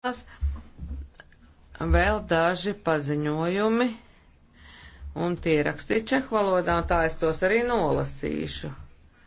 sarunās. Vēl daži paziņojumi, un tie rakstīja čehu valodā, tā es tos arī nolasīšu.